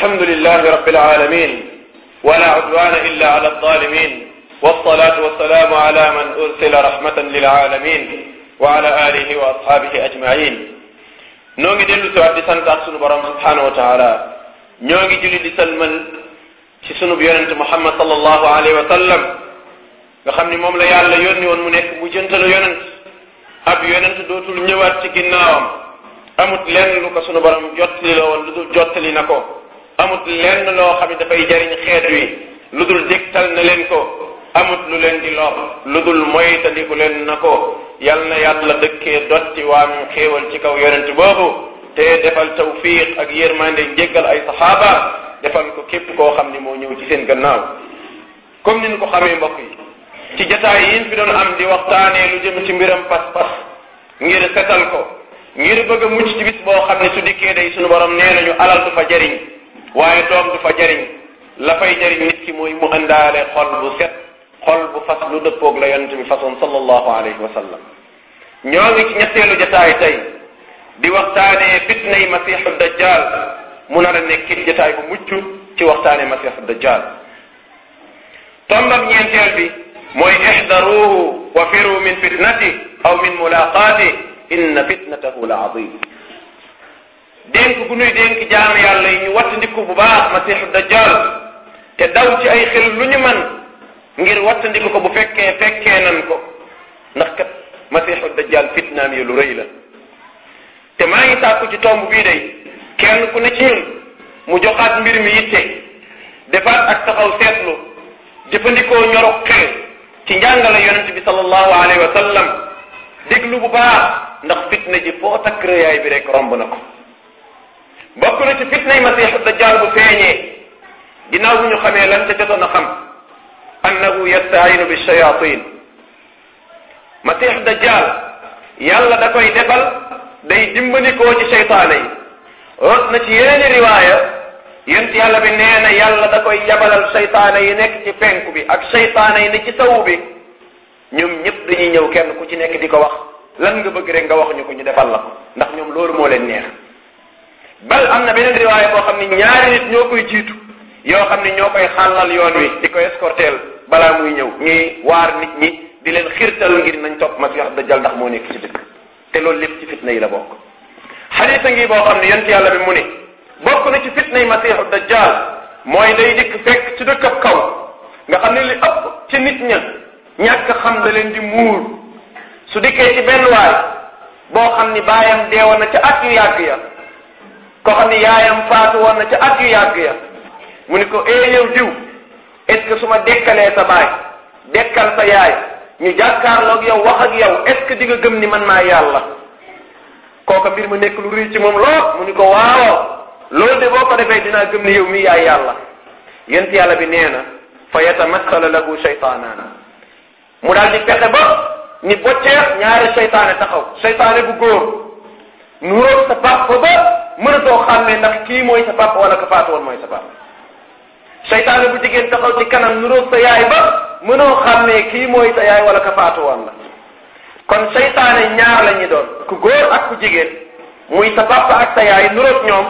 الحمد لله رب العالمين ولا عدوان إلا على الظالمين والصلاة والسلام على من أرسل رحمة للعالمين وعلى آله وأصحابه أجمعين noo ngi dellu si waat di sant ak sunu borom subhanahu wa taala ñoo ngi julli di salmal ci sunub yonente muhammad sallallahu alayhi wa sallam nga xam ni moom la yàlla yónni woon mu nekk bu jëntalu yonent ab yonent dootul ñëwaat ci ginnaawam amut lenn lu ko sunu borom jottali la woon lu dul jottali na ko amut lenn loo xam ne dafay jariñ xeet wi lu dul digtal na leen ko amut lu leen di lor lu dul moytandiku leen na ko yal na la dëkkee dotti waam xéewal ci kaw yonent boobu te defal tawfiq ak yërmande njéggal ay saxaaba defal ko képp koo xam ne moo ñëw ci seen gannaaw comme ni ñu ko xamee mbokk yi ci jataay yi ñu fi doon am di waxtaanee lu jëm ci mbiram pas-pas ngir setal ko ngir bëgg a mucc ci bis boo xam ne su dikkee day sunu borom nee nañu alal du fa waaye doom du fa la fay jariñ ki mooy mu àndaale xol bu set xol bu fas lu dëppoog la yonent bi façon sallallahu la wa sallam ñoo ngi ci ñetteelu jataay di di waxtaanee fitnay masiixu dajjal mu nar a nekk jataay bu mucc ci waxtaanee masiixu dajjal tombam ñeenteel bi mooy ixdaruhu wa firu min fitnati aw min mulaqaati inna fitnatahu la azim dénk gu nuy dénk jaamu yàlla yi ñu wattandiku bu baax masiixu dajjal te daw ci ay xel lu ñu man ngir wattandiku ko bu fekkee fekkee nan ko ndax kat masiixu dajjal fitnaam yi lu rëy la te maa ngi tàkku ci tomb bii day kenn ku ne ci ñun mu joxaat mbir mi yitte defaat ak taxaw seetlu jëfandikoo ñorog xel ci njàngale yonente bi sallallahu alayhi wa sallam déglu bu baax ndax fitna ji foo takk rëyaay bi rek romb na ko bokk na ci fitnay masiixu dajjaal bu feeñee ginnaaw bu ñu xamee lan ca jotoon a xam annahu yastaayinu bi shayatin masiixu dajjaal yàlla da koy defal day dimbandikoo ci seytaane yi root na ci yeneeni riwaaya yent yàlla bi nee na yàlla da koy yabalal seytaane yi nekk ci penku bi ak seytaane yi ne ci sawu bi ñoom ñëpp dañuy ñëw kenn ku ci nekk di ko wax lan nga bëgg rek nga wax ñu ko ñu defal la ko ndax ñoom loolu moo leen neex bal am na beneen riwaaya boo xam ne ñaari nit ñoo koy jiitu yoo xam ne ñoo koy xàllal yoon wi di koy escorteel balaa muy ñëw ñuy waar nit ñi di leen xirtal ngir nañ topp masiix dajjal ndax moo nekk ci dëkk te loolu lépp ci fitna yi la bokk xadis a ngi boo xam ne yonent yàlla bi mu ne bokk na ci fitna yi masiixu dajjal mooy day dikk fekk ci dëkk ab kaw nga xam ne li ëpp ci nit ña ñàkk xam da leen di muur su dikkee ci benn waay boo xam ni baayam deewoon na ca at yu yàgg ya ko xam ne yaayam faatu woon na ca at yu yàgg ya mu ni ko ee eh, yow diw est ce su ma dekkalee sa baay dekkal sa yaay ñu jàkkaarloog yow wax ak yow est ce que di nga gëm ni man maa yàlla kooka mbir mu nekk lu rëy ci moom lool mu ni ko waaw lool de boo ko defee dinaa gëm ne yow mii yaay yàlla yent yàlla bi nee na fa yatamathala lahu shaytaanaana mu daal di fexe ba ni bocceex ñaari seytaane taxaw seytaane bu góor nuróog sa papa ba mënatoo xàmmee ndax kii mooy sa papa wala ka faatu woon mooy sa papa seytaane bu jigéen taxaw kanam nuróog sa yaay ba mënoo xàmmee kii mooy sa yaay wala ka faatu woon la kon seytaane ñaar la ñu doon ku góor ak ku jigéen muy sa papa ak sa yaay nuróog ñoom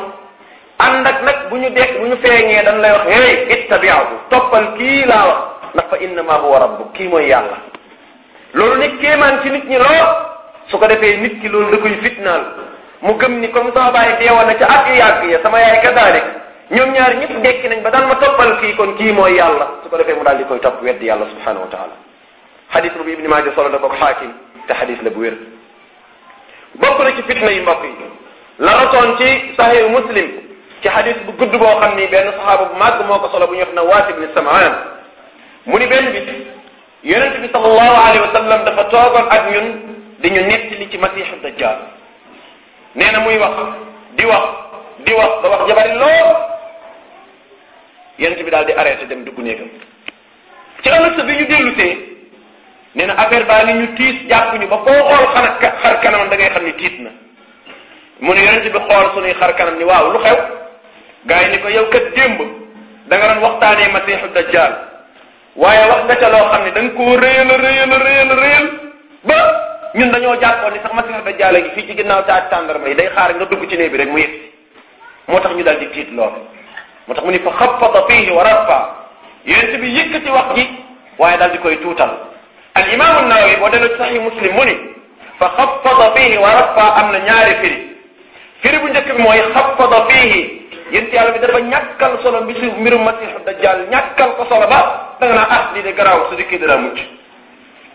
ànd ak nag bu ñu dekk bu ñu feeñee dañ lay wax hey ittabiahu toppal kii laa wax ndax fa innama huwa rabbu kii mooy yàlla loolu nit kéemaan ci nit ñi lool su ko defee nit ki loolu mu gëm ni comme sama baay deewoon na ca at yu yàgg ya sama yaay kadalik ñoom ñaar ñëpp dekki nañ ba daan ma toppal kii kon kii mooy yàlla su ko defee mu daal di koy topp weddi yàlla subhanahu wa taala xadis bu ibni maaja solo na ko xaakim te xadis la bu wér bokk na ci fitna yi mbokk yi la rasoon ci saxihu muslim ci xadis bu gudd boo xam ni benn bu màgg moo ko solo bu ñu wax na waas ibni samaan mu ni benn bi yonent bi sallallahu alayhi wa dafa toogoon ak di ñu nettali ci masiixu dajjal nee na muy wax di wax di wax ba wax jabari lool yonent bi daal di arrêté dem dugg néegam ci ëllëg sa bi ñu dellusee nee na affaire baa ni ñu tiis jàpp ñu ba koo xool xana xar kanam da ngay xam ni tiit na mu ne yonent bi xool suñuy xar kanam ni waaw lu xew gars ni ko yow kat démb da nga waxtaanee masiixu dajjal waaye wax nga loo xam ne da nga koo réyal réyal réyal ba ñun dañoo jàppoon ni sax masiihu dajjaal gi fii ci ginnaaw taat tàndarma yi day xaar nga dugg ci néeg bi rek mu moo tax ñu daal di tiit lool moo tax mu ni fa xaffada fiihi wa rafa yonent bi yëkkati wax ji waaye daal di koy tuutal al imaamu nawawi boo delloo ci saxiix muslim mu ni fa xaffada fiihi wa rafa am na ñaari firi firi bu njëkk bi mooy xaffada fiihi yonent yàlla bi dafa ñàkkal solo bi si mbirum masiihu dajjaal ñàkkal ko solo ba da nga naa ah lii de garaaw su dikkee dara mucc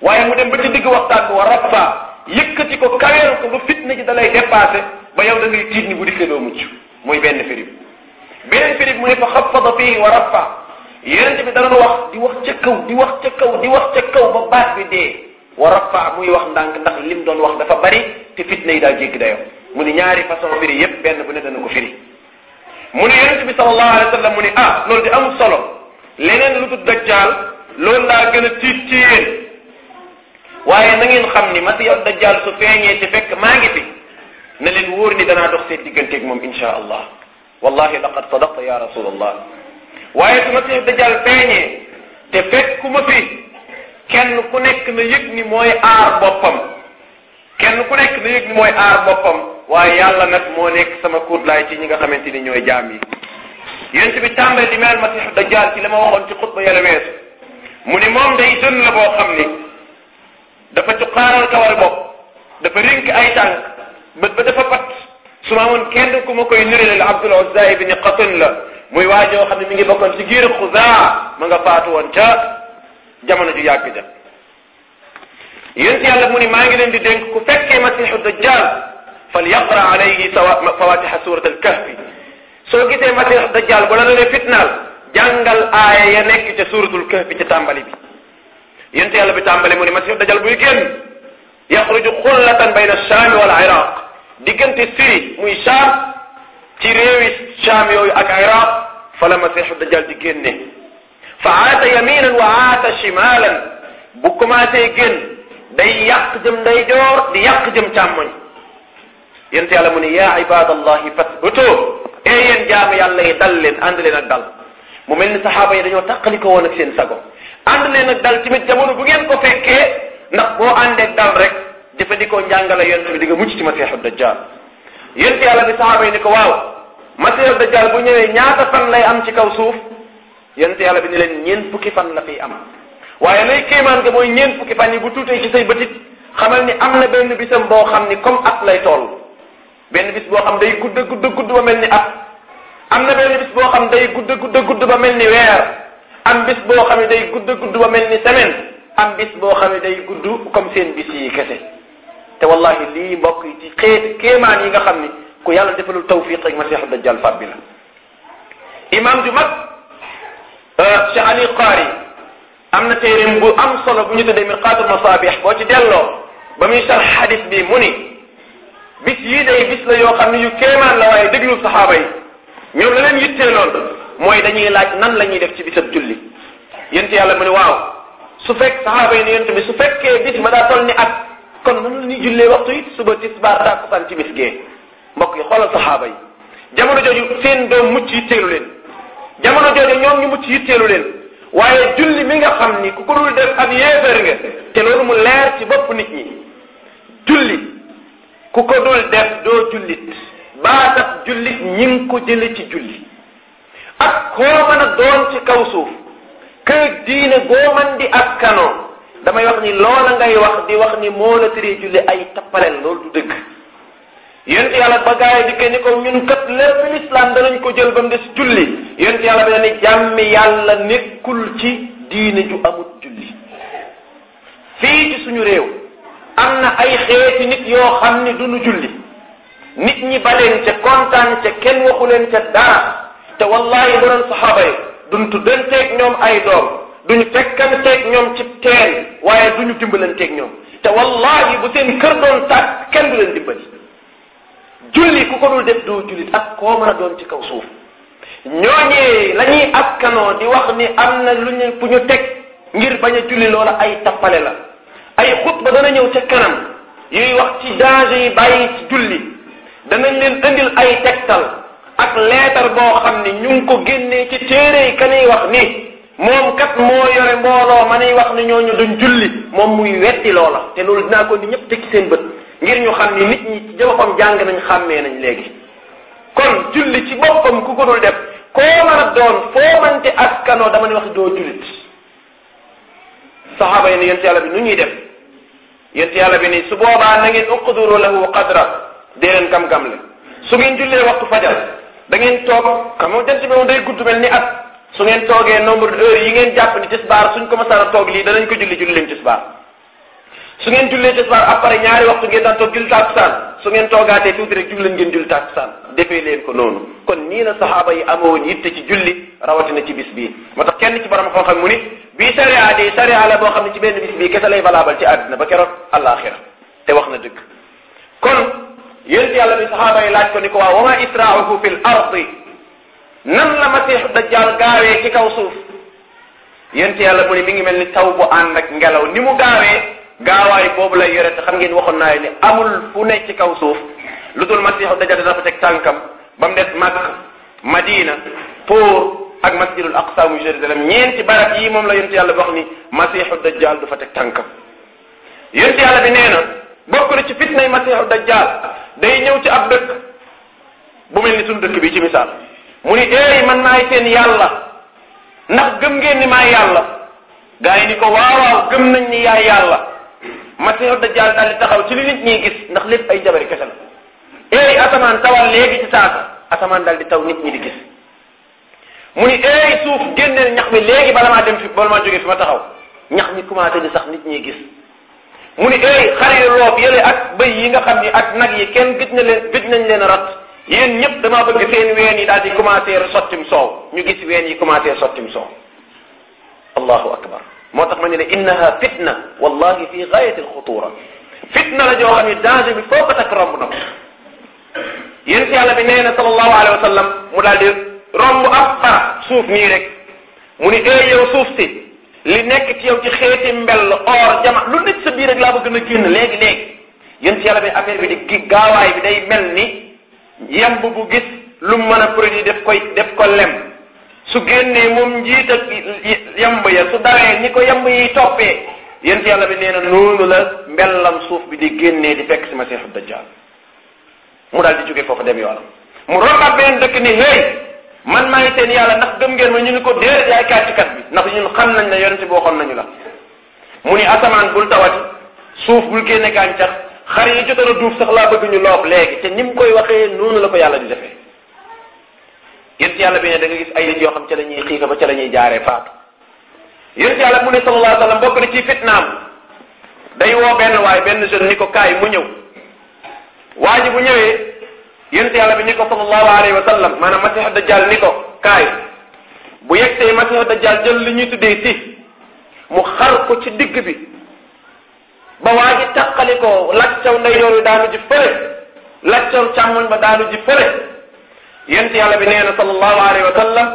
waaye mu dem ba ci digg waxtaan bi wa rabba yëkkati ko kaweel ko ba fitna ji da lay dépassé ba yow da tiit ni bu dikkee doo mucc muy benn firib beneen firib mu ne fa xafada fii wa rabba yonent bi da doon wax di wax ca kaw di wax ca kaw di wax ca kaw ba baat bi dee wa rabba muy wax ndànk ndax lim doon wax dafa bari te fitna yi daa jéggi dayo mu ni ñaari façon firi yépp benn bu ne dana ko firi mu ni yonent bi sallallahu alayhi wa sallam mu ni ah loolu di amul solo leneen lu tudd dajjaal a tiit waaye na xam ni masiixu dajjaal su feeñee te fekk maa ngi fi na leen wóor ni danaa dox seen digganteeg moom insha allah wallahi laqad sadaqta ya rasulallah waaye su masiixu dajjaal feeñee te ma fi kenn ku nekk na yëg ni mooy aar boppam kenn ku nekk na yëg ni mooy aar boppam waaye yàlla nag moo nekk sama kuutlaay ci ñi nga xamante ni ñooy jaam yi yént bi tàmbale di mel masiixu dajjaal ci la ma waxoon ci xutba yàlla weesu mu ni moom day jeune la dafa cuqaaral kawar bopp dafa rink ay tànk bët ba dafa pat su ma amoon kenn ku ma koy nirelel Abdul Uzza ibn Qatun la muy waajoo xam ne mi ngi bokkoon ci giir Xuzaa ma nga faatu woon ca jamono ju yàgg ja yéen yàlla mu ni maa ngi leen di dénk ku fekkee masiixu dajjal fal yaqra alayhi fawatiha surat al kahfi soo gisee masiixu dajjal bu la la ne fitnaal jàngal aaya ya ca suratul kahfi ca tàmbali bi yent yàlla bi tàmbale mu ne masihu dajal buy génn yaxruju xullatan bayna shaami wal iraq diggante Syrie muy Shaam ci réewi Shaam yooyu ak iraq fa la masihu dajal di génne fa aata yaminan wa aata shimalan bu commencé génn day yàq jëm ndeyjoor di yàq jëm càmmoñ yent yàlla mu ne yaa ibadallahi fasbuto ee yéen jaamu yàlla yi dal leen ànd leen ak dal mu mel ni saxaaba yi dañoo taqali ko woon ak seen sago ànd leen ak dal tamit jamono bu ngeen ko fekkee ndax boo àndeeg dal rek jëfandikoo njàngale yonent bi di nga mucc ci masiixu dajjal yonent yàlla bi saxaaba yi ni ko waaw masiixu dajjal bu ñëwee ñaata fan lay am ci kaw suuf yonent yàlla bi ni leen ñeent fukki fan la fiy am waaye lay kéemaan nga mooy ñeent fukki fan yi bu tuutee ci say bëtit xamal ni am na benn bisam boo xam ni comme at lay toll benn bis boo xam day gudd gudd gudd ba mel ni at am na benn boo xam day gudd gudd gudd mel ni am bis boo xam ne day gudd gudd ba mel ni semaine am bis boo xam ne day gudd comme seen bis yi kese te wallahi lii mbokk yi ci xeet kéemaan yi nga xam ni ku yàlla defalul tawfiq ak masiixu dajjal fab bi la imam ju mag euh, Cheikh Ali Qaari am na téeréem bu am solo bu ñu tuddee mirqaatul masaabih boo ci delloo ba muy sar xadis bi mu ni bis yii day bis la yoo xam ne yu kéemaan la waaye déglul saxaaba yi ñoom la leen yittee lool mooy dañuy laaj nan la ñuy def ci bisab julli yent yàlla mu ne waaw su fekk saxaaba yi ne yent bi su fekkee bis ma daa toll ni at kon nan la ñuy jullee waxtu it suba tisbaar tàkkusaan ci bis gee mbokk yi xoolal saxaaba yi jamono jooju seen doom mucc yitteelu leen jamono jooju ñoom ñu mucc yitteelu leen waaye julli mi nga xam ni ku ko dul def ab yéeféer nga te loolu mu leer ci bopp nit ñi julli ku ko dul def doo jullit baatab jullit ñi ngi ko jële ci julli ak koo mën a doon ci kaw suuf kër diine goo man di damay wax ni loola ngay wax di wax ni moo la tëree julli ay tappaleel loolu du dëgg yonent yàlla ba gaa yi dikkee ni ko ñun kat lépp lislaam danañ ko jël ba mu des julli yonent yàlla ba ni jàmmi yàlla nekkul ci diine ju amut julli fii ci suñu réew am na ay xeeti nit yoo xam ni duñu julli nit ñi baleen ca kontaan ca kenn waxu leen ca dara te wallahi bu doon saxaaba yi duñ tuddanteeg ñoom ay doom duñu fekkanteeg ñoom ci teen waaye duñu dimbalanteeg ñoom te wallahi bu seen kër doon tàkk kenn du leen dimbali julli ku ko dul def doo jullit ak koo mën a doon ci kaw suuf ñooñee la ñuy askanoo di wax ni am na lu ñu fu ñu teg ngir bañ a julli loola ay tappale la ay xutba dana ñëw ca kanam yuy wax ci danger yi bàyyi ci julli danañ leen indil ay tegtal ak leetar boo xam ni ñu ngi ko génnee ci téere yi ka nuy wax ni moom kat moo yore mbooloo ma nuy wax ni ñooñu duñ julli moom muy wetti loola te loolu dinaa ko ni ñëpp tekki seen bët ngir ñu xam ni nit ñi ci jëboppam jàng nañ xàmmee nañ léegi kon julli ci boppam ku ko dul def koo mën a doon foo mante askanoo dama ne wax doo jullit saxaaba yi ne yent yàlla bi nu ñuy def yent yàlla bi ni su boobaa na ngeen uqduru lahu qadra dee leen kam-kam le su ngeen da ngeen toog xam nga jant bi moom day gudd mel ni at su ngeen toogee nombre de yi ngeen jàpp ni tisbaar suñ ko masaan a toog lii danañ ko julli julli leen tisbaar su ngeen jullee tisbaar après ñaari waxtu ngeen daan toog julli tàkkusaan su ngeen toogaatee tuuti rek julli ngeen julli tàkkusaan defee leen ko noonu kon nii la saxaaba yi amoon yitte ci julli rawatina ci bis bii moo tax kenn ci borom xam-xam mu ni bii sariya di sariya la boo xam ne ci benn bis bii kese lay balaabal ci te wax na dëgg yénti yàlla bi saxaaba ko ni ko waaw wama israahu fi l ardi la masih dajjal gaawee ci kaw suuf yénti yàlla mu ne ngi mel ni taw bo ànd ak ngelaw ni mu gaawee gaawaay boobu lay yore te xam ngeen waxoon naa ni amul fu ci kaw suuf lu dul masihu dajjal dana fa teg tànkam bam mu des mag madina pour ak masjidul aqsa mu yii moom la yénti yàlla bi wax ni masihu dajjal du fa teg tànkam yénti yàlla bi bokk na ci fitnay masiixu dajjaal day ñëw ci ab dëkk bu mel ni suñu dëkk bi ci misaal mu ni eey man maay seen yàlla ndax gëm ngeen ni maay yàlla gaa yi ni ko waaw gëm nañ ni yaa yàlla masiixu dajjaal daal di taxaw ci li nit ñiy gis ndax lépp ay jabari kese la eey asamaan tawal léegi ci saaka asamaan dal di taw nit ñi di gis mu ni eey suuf génneel ñax mi léegi bala maa dem bala maa jógee fi ma taxaw ñax mi commencé di sax nit ñi gis mu ni eey xar yu loof yële ak bëy yi nga xam ni ak nag yi kenn gëj na leen gëj nañ leen rat yéen ñëpp damaa bëgg seen ween yi daal di commencé sottim soow ñu gis ween yi commencé sottim soow allahu akbar moo tax ma ne ne innaha fitna wallahi fi gaayati alxutura fitna la joo xam ni danger bi foo ko takk romb na ko yéen si yàlla bi nee na daal di romb suuf nii rek mu ni eey yow suuf si li nekk ci yow ci xeeti mbell or jama lu nekk sa biir rek laa bëgg na génn léegi léegi yéen ci yàlla bi affaire bi di gaawaay bi day mel ni yemb bu gis lu mu mën a produit def koy def ko lem su génnee moom njiit ak yemb ya su dawee ni ko yemb yiy toppee yéen yàlla bi nee na noonu la mbellam suuf bi di génnee di fekk si masiixu dajjaal mu dal di jóge foofu dem yoonam mu rogaat beneen dëkk ni hey man maay seen yàlla ndax gëm ngeen ma ñu ni ko déedéet yaay kàccikat bi ndax ñun xam nañ ne yonente boo xam nañu la mu ni asamaan bul tawati suuf bul génne gàncax xar yi jotoon a duuf sax laa bëgg ñu loob léegi te ni mu koy waxee noonu la ko yàlla di defee yént yàlla bi ne da gis ay nit yoo xam ca la ñuy xiifa ba ca la ñuy jaaree faatu yént yàlla mu ne sallallahu alayhi wa sallam bokk na ci fitnaam day woo benn waaye benn jeune ni ko kaay mu ñëw waa ji ñëwee yonent yàlla bi ni ko sallallahu alayhi wa a maanaam masiixu dajjal ni ko kaay bu yegtee da dajjal jël li ñuy tuddee si mu xar ko ci digg bi ba waa ji taqali ko laccaw ndeyjoor bi daanu ji fële laccaw càmmoñ ba daanu ji fële yonent bi nee na sallallahu alayhi wa sallam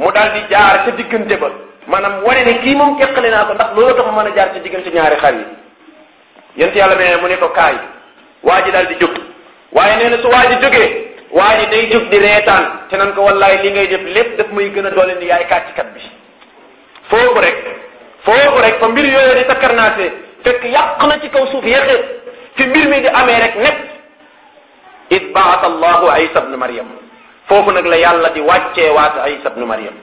mu daal di jaar ca diggante ba maanaam wane ne kii moom teqali naa ko ndax loolu tax mën a jaar ci diggante ñaari xar yi yonent yàlla bi nee na mu ne ko kaay waa ji daal di jóg waaye nee na su waa ji jógee waa ji day jóg di reetaan te nan ko wallaay li ngay def lépp daf may gën a doole ni yaay kàccikat bi foofu rek foofu rek fa mbir yooyu di takkarnaase fekk yàq na ci kaw suuf yéexee fi mbir mi di amee rek nekk id baata allahu isa bnu mariam foofu nag la yàlla di wàccee waata isa bnu mariam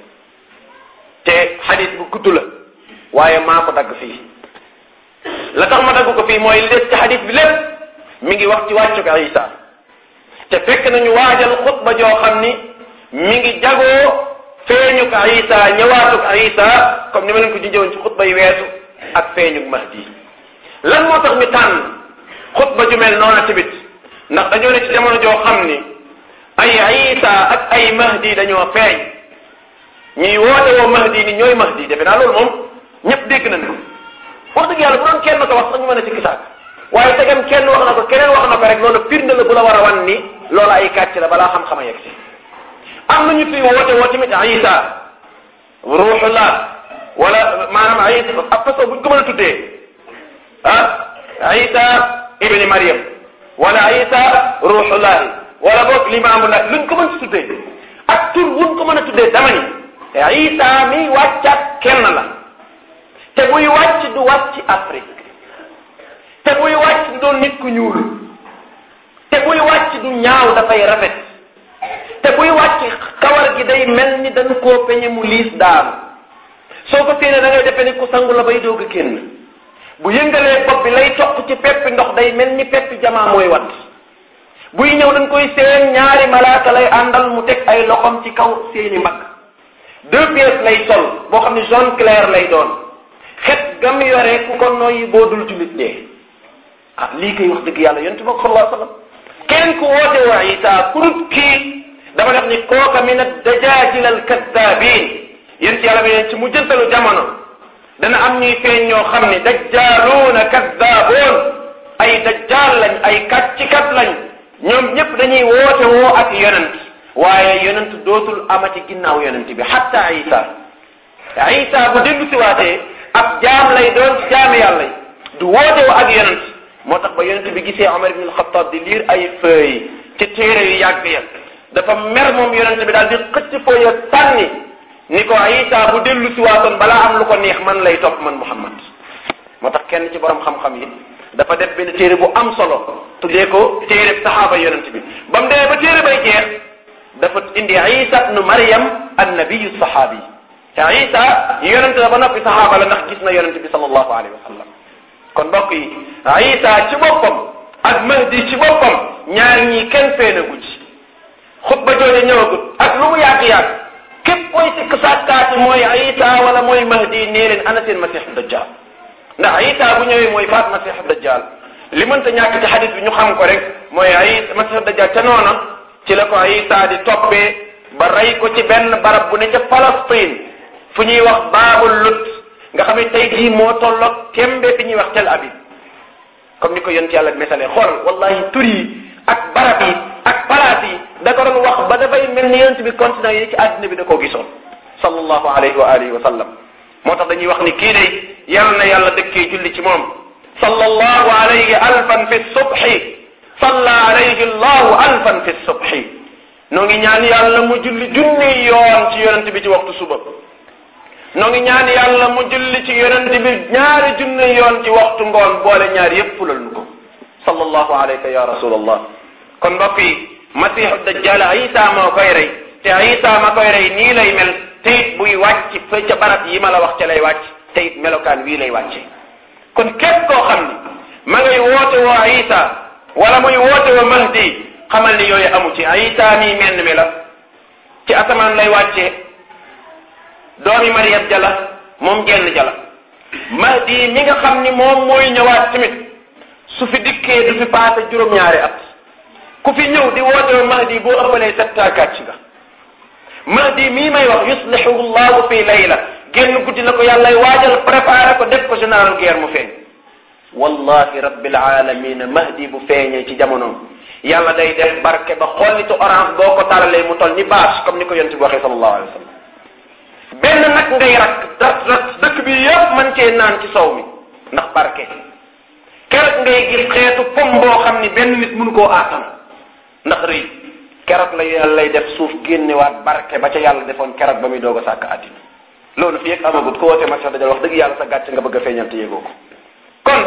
te xadis bu gudd la waaye maa ko dagg fi la tax ko fii mooy li des ci xadis mi ngi wax ci wàccug Isa te fekk nañu waajal xutba joo xam ni mi ngi jagoo feeñug Isa ñëwaatug Isa comme ni ma leen ko jinjëwoon ci xutba yi weesu ak feeñug Mahdi lan moo tax ñu tànn xutba ju mel ci tamit ndax dañoo ne ci jamono joo xam ni ay Isa ak ay Mahdi dañoo feeñ ñuy woote woo Mahdi ni ñooy Mahdi defe naa loolu moom ñëpp dégg nañ ko wax dëgg yàlla bu doon kenn ko wax sax ñu mën a ci kisaak waaye tegam kenn wax na ko keneen wax na ko rek loolu firnde la bu la war a wan ni loolu ay kàcc la balaa xam-xama yegg si am na ñu fi woote woo tamit isa ruuxullah wala maanaam isa ab façon buñ ko mën a tuddee ah isa ibni mariam wala isa ruuxullahi wala boog limaamullah luñ ko mën si tuddee ak tur buñ ko mën a tuddee dama ni isa mi wàccaat kenn la te buy wàcc du wàcc Afrique te buy wàcc du doon nit ku ñuul te buy wàcc du ñaaw dafay rafet te buy wàcc kawar gi day mel ni dañ koo peñe mu liis daanu soo ko séenee da ngay defee ni ku sangu la bay doog a bu yëngalee bopp bi lay toq ci peppi ndox day mel ni peppi jamaa mooy wat buy ñëw dañ koy seen ñaari malaaka lay àndal mu teg ay loxom ci kaw seeni mag deux pièces lay sol boo xam ne jaune clair lay doon xet gam yore ku ko noyyi boo dul jullit ñee ah lii koy wax dëgg yàlla yonent bi sallallahu alayhi wa sallam kenn ku woote waa Isa kurut kii dama def ni kooka min ad-dajaajil al-kaddaabin yéen ci yàlla bi yéen ci mujjantalu jamono dana am ñuy feeñ ñoo xam ne dajjaaluuna kaddaaboon ay dajjaal lañ ay kàccikat lañ ñoom ñëpp dañuy woote woo ak yonent waaye yonent dootul amati ginnaaw yonent bi hatta ay Isa bu dellu si waatee ab jaam lay doon jaami yàlla du woote woo ak yonent moo tax ba yonent bi gisee Omar ibn al-Khattab di liir ay feuilles ci téere yu yàgg ya dafa mer moom yonent bi daal di xëcc feuille tànni ni ko Isa bu dellu si waatoon balaa am lu ko neex man lay topp man Muhammad moo tax kenn ci borom xam-xam yi dafa def benn téere bu am solo tuddee ko téere saxaaba yonent bi ba mu demee ba téere bay jeex dafa indi Isa ibnu Maryam annabiyu saxaabi te Isa yonent la ba noppi saxaaba la nax gis na yonent bi sallallahu alayhi wa sallam kon mbokk yi isa ci boppam ak mahdi ci boppam ñaar ñii kenn feenagu ci xutba jooju ñëwagut ak lu mu yàgg-yàgg képp koy sikk sàkkaati mooy isa wala mooy mahdi nee leen ana seen masih dajjal ndax isa bu ñëwee mooy faat masih dajjal li mënta ñàkk ci xadis bi ñu xam ko rek mooy isa masih dajjal ca noona ci la ko isa di toppee ba rey ko ci benn barab bu ne ca fu ñuy wax baabul lut nga xam ne tey jii moo tollo tembe fi ñuy wax Tel Aviv comme ni ko yonent yàlla mesalee xool wallahi tur yi ak barab yi ak palaas yi da ko doon wax ba dafay mel ni yonent bi continent yi ci àddina bi da koo gisoon sallallahu alayhi wa alihi wa moo tax dañuy wax ni kii de yal na yàlla dëkkee julli ci moom sallallahu alayhi alfan fi subhi salla alayhi llahu alfan fi subhi noo ngi ñaan yàlla mu julli junni yoon ci yonent bi ci waxtu suba noo ngi ñaan yàlla mu julli ci yonent bi ñaari junne yoon ci waxtu ngoon boole ñaar yépp fulal nu ko sallallahu alayka ya rasulallah kon mbokk yi masihu dajjal isa moo koy rey te isa ma koy rey lay mel te it buy wàcc fa ca yi ma la wax ca lay wàcc te it melokaan wii lay wàcce kon képp koo xam ni ma ngay woote woo isa wala muy woote woo mahdi ni yooyu amu ci isa mii menn la ci asamaan lay wàcce doomi Mariam jala moom genn jala Mahdi mi nga xam ni moom mooy ñëwaat tamit su fi dikkee du fi paase juróom-ñaari at ku fi ñëw di woote Mahdi boo ëppalee settaa gàcc ma Mahdi mi may wax yuslihu llahu fi layla genn guddi la ko yàllay waajal préparé ko def ko général guerre mu feeñ wallahi rabbil alamina Mahdi bu feeñee ci jamonoom yàlla day def barke ba xollitu orange boo ko taralee mu tol ni bâche comme ni ko yonent bi waxee sallallahu alayhi benn nag ngay rakk rat dëkk bi yëpp mën cee naan ci sow mi ndax barke keroog ngay gis xeetu pom boo xam ni benn nit mënu koo aatan ndax rëy keroog la yàlla lay def suuf génnewaat barke ba ca yàlla defoon keroog ba muy doog a sàkk àddina loolu fi yëg amagut ko woote masiixu dajal wax dëgg yàlla sa gàcce nga bëgg a feeñal te yëgoo ko kon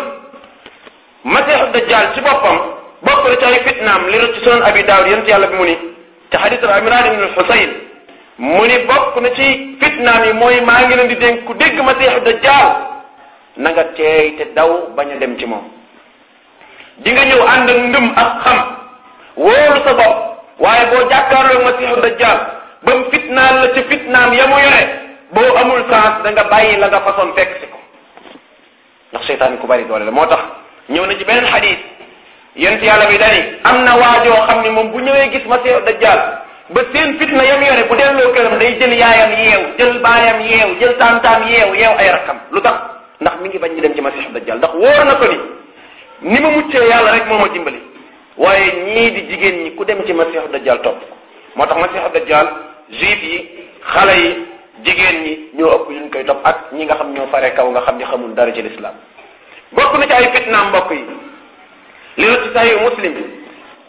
masiixu dajal ci boppam bokk na ci ay fitnaam li ci sunan abi daawud yent yàlla bi mu ni ci xadisul imran ibn al xusayn mu ni bokk na ci fitnaam yi mooy maa ngi leen di dénk ku dégg masiixu dajjaal na nga teey te daw bañ a dem ci moom di nga ñëw ànd ak a ak xam wóolu sa bopp waaye boo jàkkaarloo masiixu dajjaal ba mu fitnaal la ci fitnaam ya mu yore boo amul chance da nga bàyyi la nga façon fekk si ko ndax seytaan ku bari doole la moo tax ñëw na ci beneen xadiis yent yàlla bi dani am na waajoo xam ne moom bu ñëwee gis masiixu dajjaal ba seen fitna ya mu bu dee jël yaayam yeew jël baayam yeew jël taam-taam yeew yeew ay rakkam lu tax ndax mu ngi bañ ñu dem ci masiixu dajjal ndax wóor na ko ni ni ma muccee yàlla rek moo ma dimbali waaye ñii di jigéen ñi ku dem ci masiixu dajjal topp moo tax masiixu dajjal juif yi xale yi jigéen ñi ñoo ëpp ñu koy topp ak ñi nga xam ñoo faree kaw nga xam ni xamul dara ci lislaam bokk na ci ay fitnaam mbokk yi li la ci sahihu muslim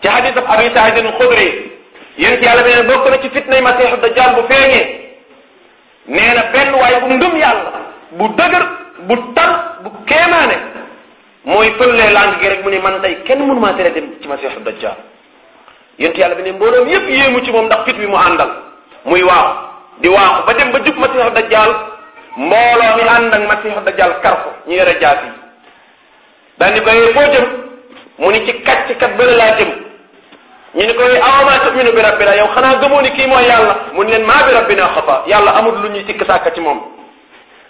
ci hadisab abi saidin xudri yéen ci yàlla nee na bokk na ci fitnay masiixu dajjal bu feeñee nee na benn waay bu ngëm yàlla bu dëgër bu tar bu keemaane mooy pëllee langue gi rek mu ne man tey kenn mënu maa tere dem ci masiixu dajjal yéen ci yàlla bi ne mbooloom yépp yéemu ci moom ndax fit wi mu àndal muy waaw di waaw ba dem ba jub masiixu dajjal mbooloo mi ànd masiixu dajjal kar ko ñu yore jaas yi daal ni ko foo jëm mu ni ci kàcc kat bële laa jëm ñu ne koy awama tuminu bi rabbina yow xanaa gëmoo ni kii mooy yàlla mun leen maa bi rabbina xafa yàlla amul lu ñuy sikk sàkk ci moom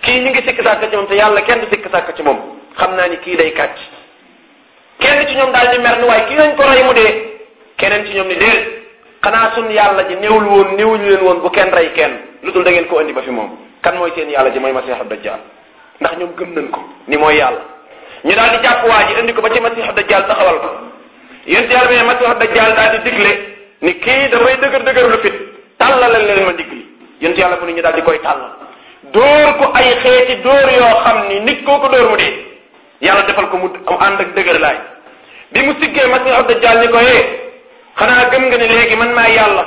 kii ñu ngi sikk sàkk ci moom te yàlla kenn du sikk sàkk ci moom xam naa ni kii day kàcc kenn ci ñoom daal di mer ko rey mu keneen ci ñoom ni déet xanaa sun yàlla ji néewul woon ñu leen woon bu kenn rey kenn lu dul da ngeen ko indi ba fi moom kan mooy seen yàlla ji mooy masiixu dajjal ndax ñoom gëm nañ ko ni mooy yàlla ñu daal di jàpp waa ji indi ko ba ci masiixu dajjal taxawal ko yonent yàlla bi ne masiihu dajjaal daal di digle ni kii dafay dëgër dëgër lu fit tàllalal leen ma digg yi yonent yàlla mu ne ñu daal di koy tàllal dóor ko ay xeeti dóor yoo xam ni nit koo ko dóor mu dee yàlla defal ko mu am ànd ak dëgër laay bi mu siggee masiihu dajjaal ni ko hee eh, xanaa gëm nga ne léegi man maa yàlla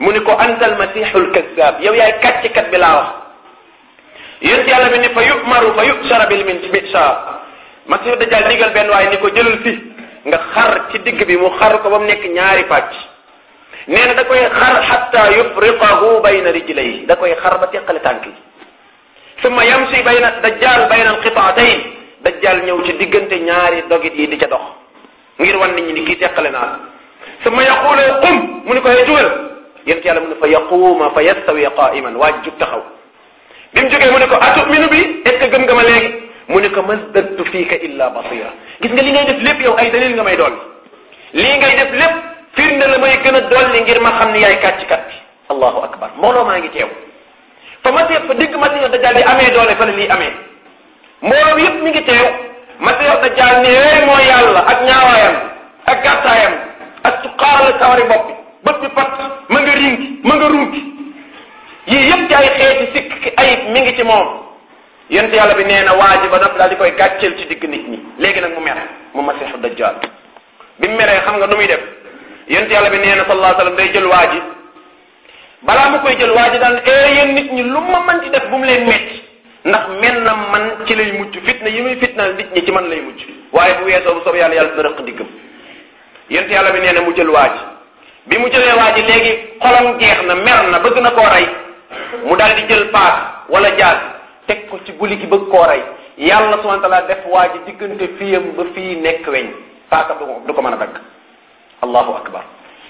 mu ni ko antal masihul kazzab yow yaay kat bi laa wax yonent yàlla bi ni fa yumaru fa yusara bil min ci bisaar masiihu dajjaal digal benn waaye ni ko jëlul fi nga xar ci digg bi mu xar ko ba mu nekk ñaari pàcc nee na da koy xar xatta yufriqahu bayna rijlayhi da koy xar ba teqale tànk yi summa yamsi bayna dajjal bayna alqitaatayn dajjal ñëw ci diggante ñaari dogit yi di ca dox ngir wan nit ñi ni kii teqale naa summa yaqulu qum mu ni ko hey jugal yéen yàlla mu ne fa yaquuma fa yastawi qaiman waaj jug taxaw bi mu jógee mu ne ko atu minu bi est ce que gëm nga ma mu ne ko masdattu fiika illa basira gis nga li ngay def lépp yow ay dalil nga may dolli lii ngay def lépp firnde la may gën a dolli ngir ma xam ni yaay kàccikat bi allahu akbar mbooloo maa ngi teew fa Masiix fa digg Masiix Dajjaal di amee doole fa la lii amee mbooloo yépp mi ngi teew Masiix Dajjaal ne yooyu mooy yàlla ak ñaawaayam ak gàttaayam ak tuqaaral sawari bopp bi bët bi ma nga ringi ma nga rungi yii yépp ci xeeti sikk ay mi ngi ci moom yent yàlla bi nee na waa ji ba noppi daal di koy gàcceel ci digg nit ñi léegi nag mu mer mu masiixu dajjal bi mu meree xam nga nu muy def yent yàlla bi nee na sallallahu alayhi wa sallam day jël waa ji balaa mu koy jël waa ji daal ee eh, yéen nit ñi lu ma mu leen metti ndax mel na man ci lay mujj fitna yi muy fitnaal nit ñi ci man lay mujj waaye bu weesoo bu soobee yàlla yàlla dina rëq diggam yent yàlla bi nee na mu jël waa ji bi mu jëlee waa ji léegi xolam jeex na mer na bëgg na koo rey mu daal di jël paas wala jaas teg ko ci guli gi bëgg koo rey yàlla subhanahu wa taala def waa ji diggante fiyam ba fii nekk weñ paaka du du ko mën a dagg allahu akbar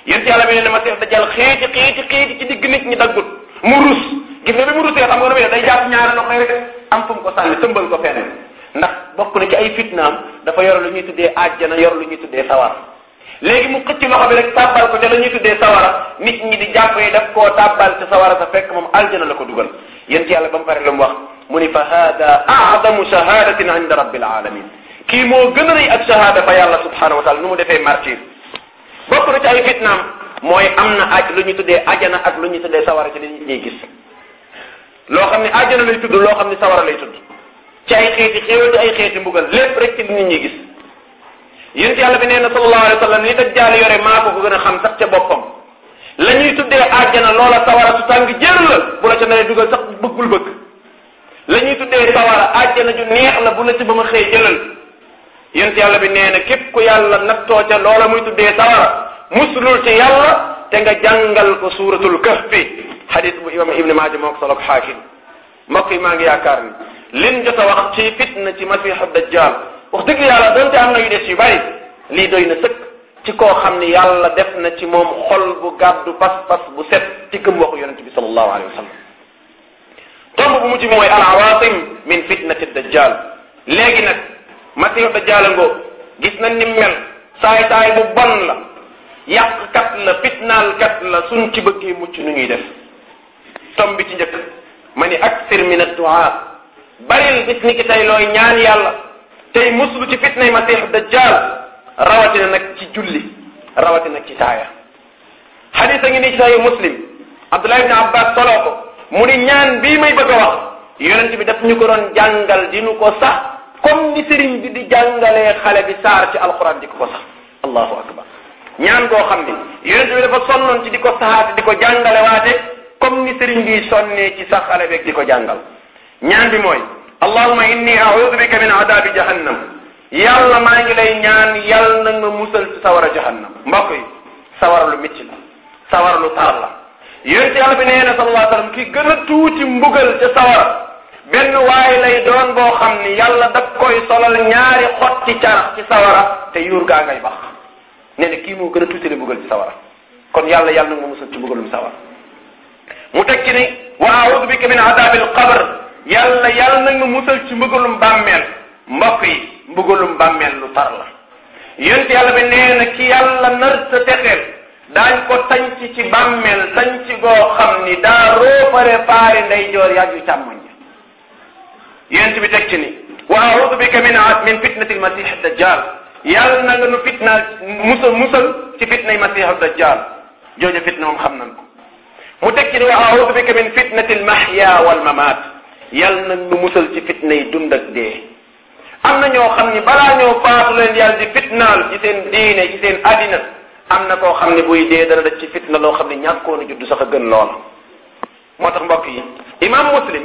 yéen ci yàlla bi ne ne ma seet dajal xeeti xeeti xeeti ci digg nit ñi daggut mu rus gis nga bi mu rusee xam nga ne day jàpp ñaari loxo rek am fu mu ko ko feneen ndax bokk na ci ay fitnaam dafa yor lu ñuy tuddee àjjana yor lu ñuy tuddee sawar léegi mu xëcc loxo bi rek tàbbal ko te la ñuy tuddee sawara nit ñi di jàpp ne daf koo tàbbal te sawara sa fekk moom aljana la ko dugal yéen ci yàlla ba mu pare lu mu wax mu ni fa hada a'zamu shahadatin inda rabbil alamin kii moo gën a rëy ak shahada fa yàlla subhanahu wa taala nu mu defee martyr bokk na ci ay fitnaam mooy am na aj lu ñu tuddee ajana ak lu ñu tuddee sawara ci dañ ñuy gis loo xam ne ajana lay tudd loo xam ne sawara lay tudd ci ay xeeti xéewal ci ay xeeti mbugal lépp rek ci nit ñi gis yénti yàlla bi nee ni daj jaal yore maa ko gën xam sax ca boppam la ñuy tuddee ajana su tàng jër la bu la ca naree dugal sax bëggul bëgg la ñuy tuddee sawara àjjana ju neex la bu na ci ba ma xëy jëlal yent yàlla bi nee na képp ku yàlla na ca loola muy tuddee sawara muslul ci yàlla te nga jàngal ko suuratul kahf bi xadis bu imam ibni maaja moo ko solo xaakim mbokk yi maa ngi yaakaar ni jot a wax ci fitna ci masiixu dajjal wax dëgg yàlla donte am na yu des yu bari lii doy na sëkk ci koo xam ni yàlla def na ci moom xol bu gàddu pas-pas bu set ci gëm waxu yonente bi sallallahu alayhi wa tomb bu mujj mooy al awatim min fitnati dajjal léegi nag masihu dajjal ngoo gis nañ ni mel saay saay bu bon la yàqkat la fitnaalkat la suñ ci bëggee mucc nu ñuy def tomb bi ci njëkk ma ni aksir min adduaa baril bis ni ki looy ñaan yàlla tey muslu ci fitnay masihu dajjal rawatina nag ci julli rawatina nag ci taaya xadis a ngi ci sayu muslim abdullah ibne abbas solo mu ni ñaan bii may bëgg a wax yonent bi daf ñu ko doon jàngal dinu ko sax comme ni sëriñ bi di jàngalee xale bi saar ci alquran di ko ko sax allahu akbar ñaan koo xam ni yonent bi dafa sonnoon ci di ko saxaate di ko jàngale waate comme ni sëriñ bi sonnee ci sax xale beeg di ko jàngal ñaan bi mooy allahuma inni audu bika min adabi jahannam yàlla maa ngi lay ñaan yàlla na nga musal ci sawara jahannam mbokk yi sawara lu métti la sawara lu tar la yonent yàlla bi nee na sallallahu alayhi wa sallam ki gën a tuuti mbugal ca sawara boo xam ni yàlla daf koy solal ñaari xotti carax ci sawara te yuur gaa ngay bax nee kii moo gën a tuuti la ci sawara kon yàlla yàlla na nga musal ci mbugalum sawara mu tekki ni wa a'udhu bika min adabil qabr yàlla yàlla na nga musal ci mbugalum bàmmeel mbokk yi mbugalum lu tar la yonent bi nee ki yàlla nar sa daañ ko tanc ci bàmmeel tanc goo xam ni daa roofare paari joor yaag yu càmmoñ yonent bi teg ci ni wa audu bika min min fitnati almasih addajjal yàlla na nga nu fitna musal musal ci fitnay masih addajjal jooja fitna moom xam nan ko mu teg ci ni wa audu bika min fitnati almahya walmamat yàlla na nu musal ci fitnay dund ak dee am na ñoo xam ni balaa ñoo faatu leen ci seen diine ci seen addina am na koo xam ne buy dee dana daj ci fitna loo xam ne ñàkkoon a juddu sax a gën loola moo tax mbokk yi imam muslim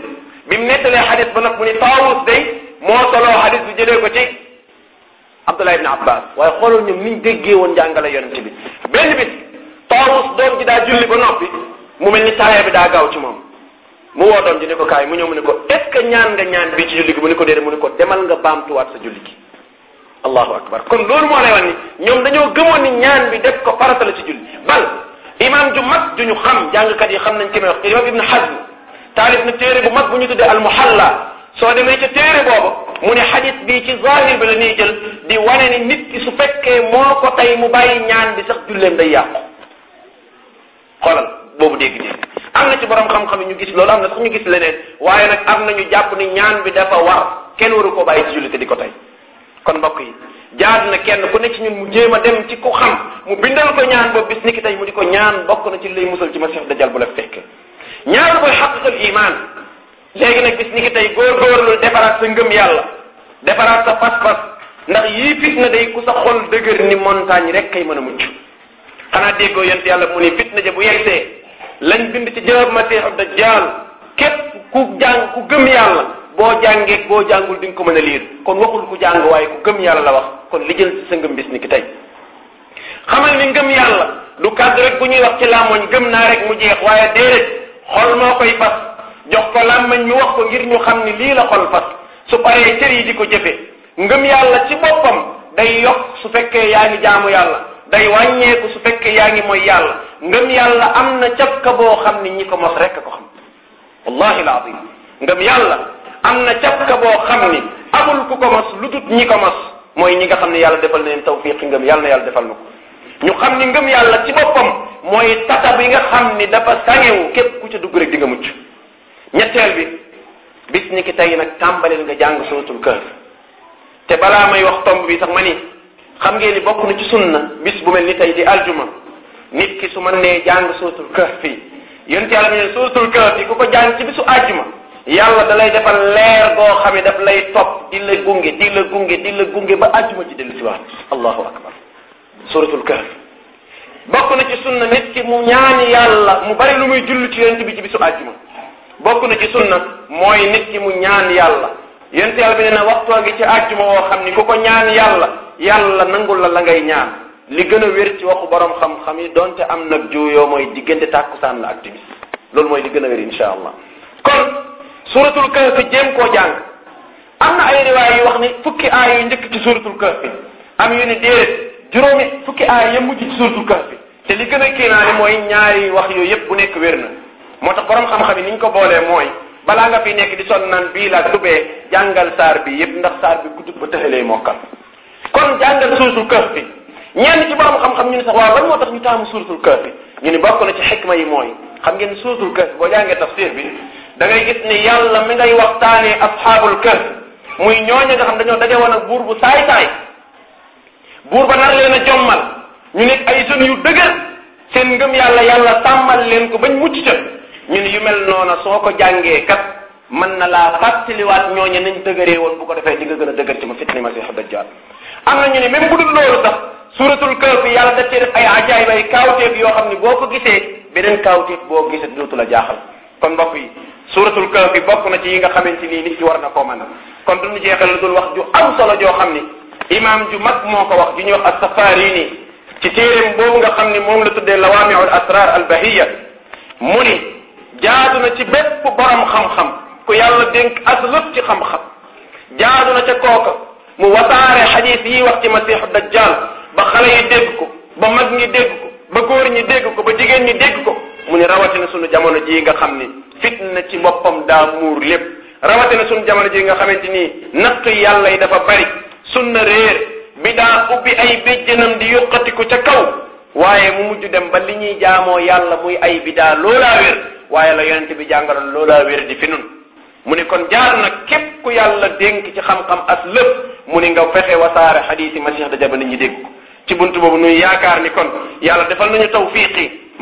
bi mu nettalee xadis ba nag mu ni taawus day moo soloo xadis bi jëlee ko ci abdullah ibne abbas waaye xoolal ñoom niñ déggee woon njàngale yonente bi benn bis taawus doom ji daa julli ba noppi mu mel ni taaya bi daa gaaw ci moom mu woo doom ji ni ko kaay mu ñëw mu ne ko est ce que ñaan nga ñaan bi ci julli gi mu ne ko déedéet mu ne ko demal allahu akbar kon loolu moo lay wan ni ñoom dañoo gëmoon ni ñaan bi def ko farata la ci julli bal imam ju mag ju ñu xam jàngkat yi xam nañ ci may wax imam ibn hazm taalif na téere bu mag bu ñu tuddee almuhalla soo demee ca téere mu ne xadis bi ci zahir bi la ñuy jël di wane ni nit ki su fekkee moo ko tey mu bàyyi ñaan bi sax julleem day yàqu xoolal boobu dégg dégg am na ci borom xam-xam ñu gis loolu am na sax ñu gis leneen waaye nag am na ñu jàpp ni ñaan bi dafa war kenn waru koo bàyyi ko tey kon mbokk yi jaadu na kenn ku ne ci ñun mu jéem a dem ci ku xam mu bindal ko ñaan boobu bis ni ki tey mu di ko ñaan bokk na ci lay musal ci masix dajal bu la fekk ñaareel koy xaqiqal iman léegi nag bis ni ki tey góorgóorlu defaraat sa ngëm yàlla defaraat sa pas-pas ndax yii fitna day ku sa xol dëgër ni montagne rek kay mën a mucc xanaa déggoo yent yàlla mu ni fitna ja bu yegsee lañ bind ci jawab masixu dajjal képp ku jàng ku gëm yàlla boo jàngee boo jàngul di nga ko mën a liir kon waxul ku jàng waaye ku gëm yàlla la wax kon li jël ci sa ngëm bis ni ki tey xamal ni ngëm yàlla du kàddu rek bu ñuy wax ci làmmoñ gëm naa rek mu jeex waaye déedéet xol moo koy fas jox ko làmmañ mi wax ko ngir ñu xam ni lii la xol fas su paree cër yi di ko jëfe ngëm yàlla ci boppam day yokk su fekkee yaa ngi jaamu yàlla day wàññeeku su fekkee yaa ngi mooy yàlla ngëm yàlla am na cafka boo xam ni ñi ko mos rek ko xam wallahi alazim am na cafka boo xam ni amul ku ko mos lu dut ñi ko mos mooy ñi nga xam ne yàlla defal na leen tawfiq ngëm yàlla na yàlla defal na ko ñu xam ni ngëm yàlla ci boppam mooy tata bi nga xam ni dafa sangewu képp ku ca dugg rek di nga mucc ñetteel bi bis ni ki tey nag tàmbaleel nga jàng suratul kahf te balaa may wax tomb bi sax ma ni xam ngeen ni bokk na ci sunna bis bu mel ni tey di aljuma nit ki su mën nee jàng suratul kër fii yonent yàlla mu ne ko jàng ci bisu aljuma yàlla da lay defal leer boo xam ne daf lay topp di la gunge di la gunge di la gunge ba àjjuma ci dellu si waat allahu akbar suratul kahf bokk na ci sunna nit ki mu ñaan yàlla mu bari lu muy julli ci yonent bi ci bisu àjjuma bokk na ci sunna mooy nit ki mu ñaan yàlla yonent yàlla bi ne na waxtoo ngi ci àjjuma woo xam ni ku ko ñaan yàlla yàlla nangul la la ngay ñaan li gën a wér ci waxu boroom xam-xam yi donte am nag juuyoo mooy diggante tàkkusaan la ak timis mooy li gën a wér insha suuratul kahfi jéem koo jàng am na ay riwaay yu wax ni fukki aay yu njëkk ci suuratul kahfi am yu ni déedéet juróomi fukki aay ya mujj ci suuratul kahfi te li gën a kéenaani mooy ñaari wax yooyu yëpp bu nekk wér na moo tax borom xam-xam yi ni ñu ko boolee mooy balaa nga fi nekk di sonn naan bii laa dubee jàngal saar bi yëpp ndax saar bi guddut ba tëxalee mokkal kon jàngal suuratul kahfi ñenn ci borom xam-xam ñu ne sax waaw lan moo tax ñu taamu suuratul kahfi ñu ni bokk na ci xikma yi mooy xam ngeen suuratul kahfi boo jàngee tafsir bi da ngay gis ni yàlla mi ngay waxtaanee asxaabul kër muy ñooñu nga xam dañoo daje woon ak buur bu saay-saay buur ba nar leen a jommal ñu nekk ay jeunes yu dëgër seen ngëm yàlla yàlla tàmmal leen ko bañ mucc ca ñu ne yu mel noona soo ko jàngee kat mën na laa fàttaliwaat ñooñu nañ dëgëree woon bu ko defee di nga gën a dëgër ci ma fitni masiixu dajjaal am na ñu ne même bu dul loolu sax suuratul kahf yàlla da cee def ay ajaayib ay kaawteef yoo xam ne boo ko gisee beneen kaawteef boo gisee dootu la jaaxal kon mbokk yi suuratul kahfi bokk na ci yi nga xamante ni nit ci war na koo a kon duñu jeexal lu dul wax ju am solo joo xam ni imaam ju mag moo ko wax ju ñuy wax as-Safarini ci téeréem boobu nga xam ni moom la tuddee lawaamiul asrar al bahiya mu ni jaadu na ci bépp borom xam-xam ku yàlla dénk ak lépp ci xam-xam jaadu na ca kooka mu wasaare xadiis yi wax ci masiixu dajjal ba xale yi ko ba mag ñi dégg ko ba góor ñi dégg ko ba jigéen ñi dégg ko mu ne rawatina sunu jamono jii nga xam ni fitna ci boppam daa muur lépp rawatina sunu jamono jii nga xamante ni nattu yàlla yi dafa bari sunna réer bi daa ubbi ay béjjënam di yuqatiku ca kaw waaye mu mujj dem ba li ñuy jaamoo yàlla muy ay bidaa loolaa wér waaye la yonent bi jàngaloon loolaa wér di fi nun mu ni kon jaar na képp ku yàlla dénk ci xam-xam as lépp mu ni nga fexe wasaare xadiis yi masix da jaba nit ñi dégg ko ci bunt boobu nuy yaakaar ni kon yàlla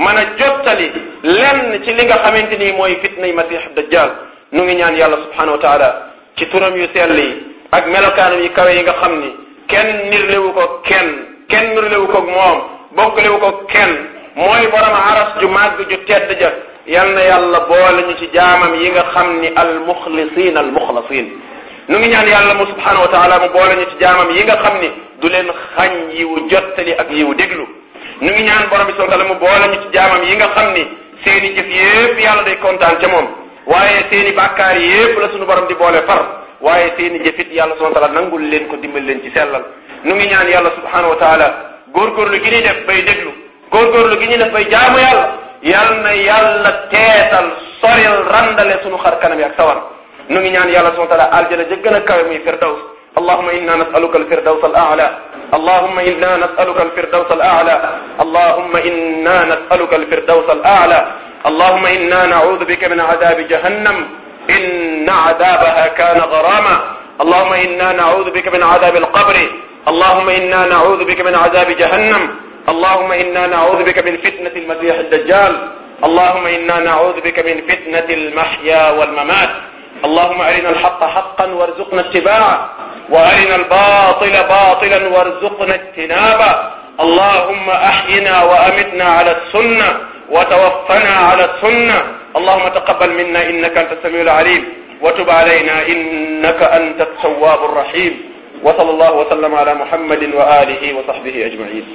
mën a jottali lenn ci li nga xamante ni mooy fitnay masih dajjal nu ngi ñaan yàlla subhanahu wa taala ci turam yu sell yi ak melokaanam yi kawe yi nga xam ni kenn nirlewu ko kenn kenn nirlewu ko moom bokklewu ko kenn mooy borom aras ju màgg ju tedd ja yal na yàlla boole ñu ci jaamam yi nga xam ni al muxlisin al muxlasin nu ngi ñaan yàlla mu subhanahu wa taala mu boole ñu ci jaamam yi nga xam ni du leen xañ yiwu jottali ak yiw déglu ñu ngi ñaan borom bi subhanahu wa ta'ala mu boole ñu ci jaamam yi nga xam ni seen i jëf yépp yàlla day kontaan ca moom waaye seen i bàkkaar yépp la suñu borom di boole far waaye seen i jëfit yàlla subhanahu wa ta'ala nangul leen ko dimbal leen ci sellal ñu ngi ñaan yàlla subhanahu wa ta'ala góorgóorlu gi ñuy def bay déglu góorgóorlu gi ñuy def bay jaamu yàlla yal na yàlla teetal soril randale sunu xar kanam yi ak sawar ñu ngi ñaan yàlla subhanahu wa ta'ala aljana ja gën a kawe muy firdaws allahumma inna nas'aluka al firdaws al a'la allahumma inna nasaluka alfirdawsa al a'la allahumma inna nasaluka alfirdawsa al a'la allahumma inna na'uudu bika min adabi jahannam inna adabaha kana gharama allahumma inna na'uudu bika min adabi alqabri allahumma inna na'uudu bika min adabi jahannam allahumma inna na'uudu bika min fitnati almasih addajjal اللهم إنا نعوذ بك من فتنة المحيا والممات اللهم أرنا الحق حقا وارزقنا اتباعه وارنا الباطل باطلا وارزقنا اجتنابه اللهم احينا وامتنا على السنه وتوفنا على السنه اللهم تقبل منا انك انت السميع العليم وتب علينا انك انت التواب الرحيم وصلى الله وسلم على محمد واله وصحبه اجمعين